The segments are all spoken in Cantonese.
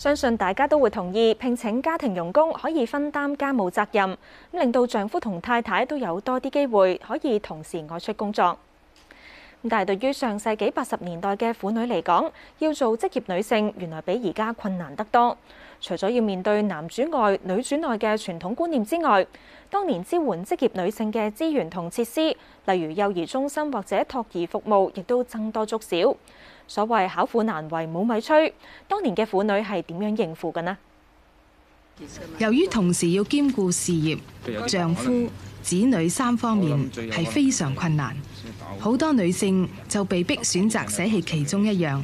相信大家都會同意，聘請家庭傭工可以分擔家務責任，令到丈夫同太太都有多啲機會可以同時外出工作。但係對於上世紀八十年代嘅婦女嚟講，要做職業女性，原來比而家困難得多。除咗要面對男主外，女主內嘅傳統觀念之外，當年支援職業女性嘅資源同設施，例如幼兒中心或者托兒服務，亦都僧多粥少。所謂巧婦難為冇米炊，當年嘅婦女係點樣應付嘅呢？由於同時要兼顧事業、丈夫、子女三方面，係非常困難，好多女性就被逼選擇捨棄其，其中一樣。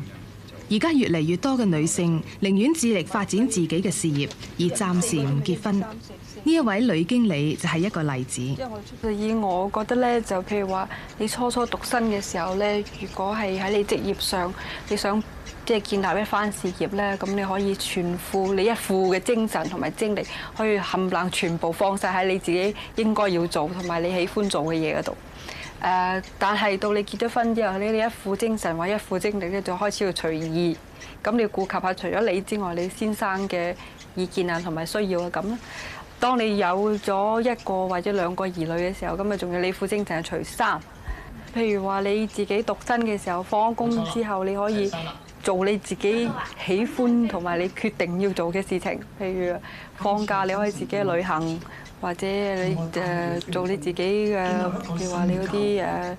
而家越嚟越多嘅女性寧願致力發展自己嘅事業，而暫時唔結婚。呢一位女經理就係一個例子。以我覺得咧，就譬如話，你初初獨身嘅時候咧，如果係喺你職業上，你想即係建立一番事業咧，咁你可以全副你一副嘅精神同埋精力，去冚唪唥全部放晒喺你自己應該要做同埋你喜歡做嘅嘢嗰度。誒，但係到你結咗婚之後咧，你一副精神或一副精力咧，就開始要除二。咁你要顧及下除咗你之外你先生嘅意見啊同埋需要啊咁啦。當你有咗一個或者兩個兒女嘅時候，咁啊仲要你副精神係除三。譬如話你自己獨身嘅時候，放工之後你可以。做你自己喜歡同埋你決定要做嘅事情，譬如放假你可以自己旅行，或者你誒做你自己嘅，譬如話你嗰啲誒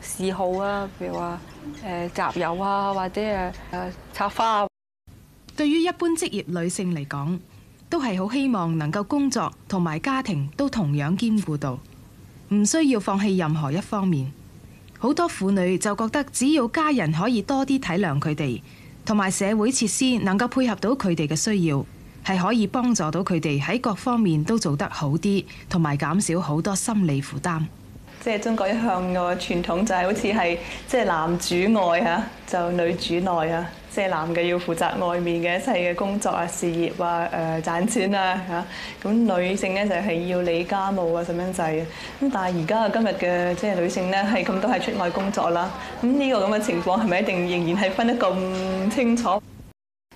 嗜好啊，譬如話誒集郵啊，或者誒誒插花。對於一般職業女性嚟講，都係好希望能夠工作同埋家庭都同樣兼顧到，唔需要放棄任何一方面。好多婦女就覺得，只要家人可以多啲體諒佢哋，同埋社會設施能夠配合到佢哋嘅需要，係可以幫助到佢哋喺各方面都做得好啲，同埋減少好多心理負擔。即係中國一向嘅傳統就係好似係即係男主外嚇，就女主內啊！即係男嘅要負責外面嘅一切嘅工作啊、事業啊、誒賺錢啊嚇，咁女性咧就係要理家務啊咁樣滯嘅。咁但係而家今日嘅即係女性咧，係咁多係出外工作啦。咁呢個咁嘅情況係咪一定仍然係分得咁清楚？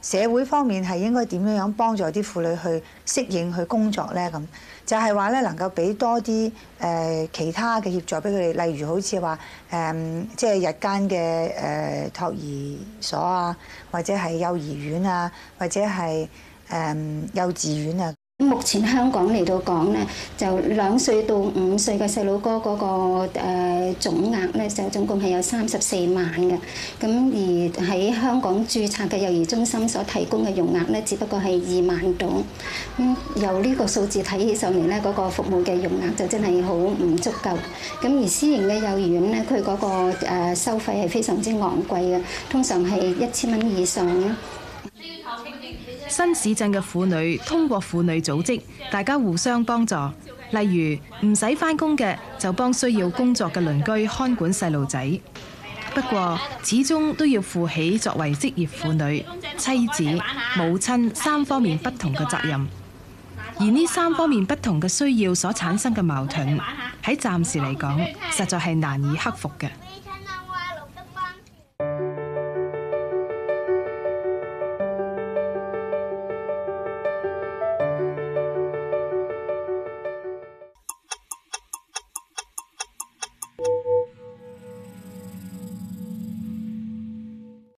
社會方面係應該點樣樣幫助啲婦女去適應去工作呢？咁就係話咧能夠俾多啲誒其他嘅協助俾佢哋，例如好似話誒即係日間嘅誒託兒所啊，或者係幼兒園啊，或者係誒幼稚園啊。目前香港嚟到講咧，就兩歲到五歲嘅細路哥嗰個誒總額咧，就總共係有三十四萬嘅。咁而喺香港註冊嘅幼兒中心所提供嘅容額咧，只不過係二萬度。咁由呢個數字睇起上嚟咧，嗰、那個服務嘅容額就真係好唔足夠。咁而私營嘅幼兒園咧，佢嗰個收費係非常之昂貴嘅，通常係一千蚊以上嘅。新市鎮嘅婦女通過婦女組織，大家互相幫助。例如，唔使翻工嘅就幫需要工作嘅鄰居看管細路仔。不過，始終都要負起作為職業婦女、妻子、母親三方面不同嘅責任。而呢三方面不同嘅需要所產生嘅矛盾，喺暫時嚟講，實在係難以克服嘅。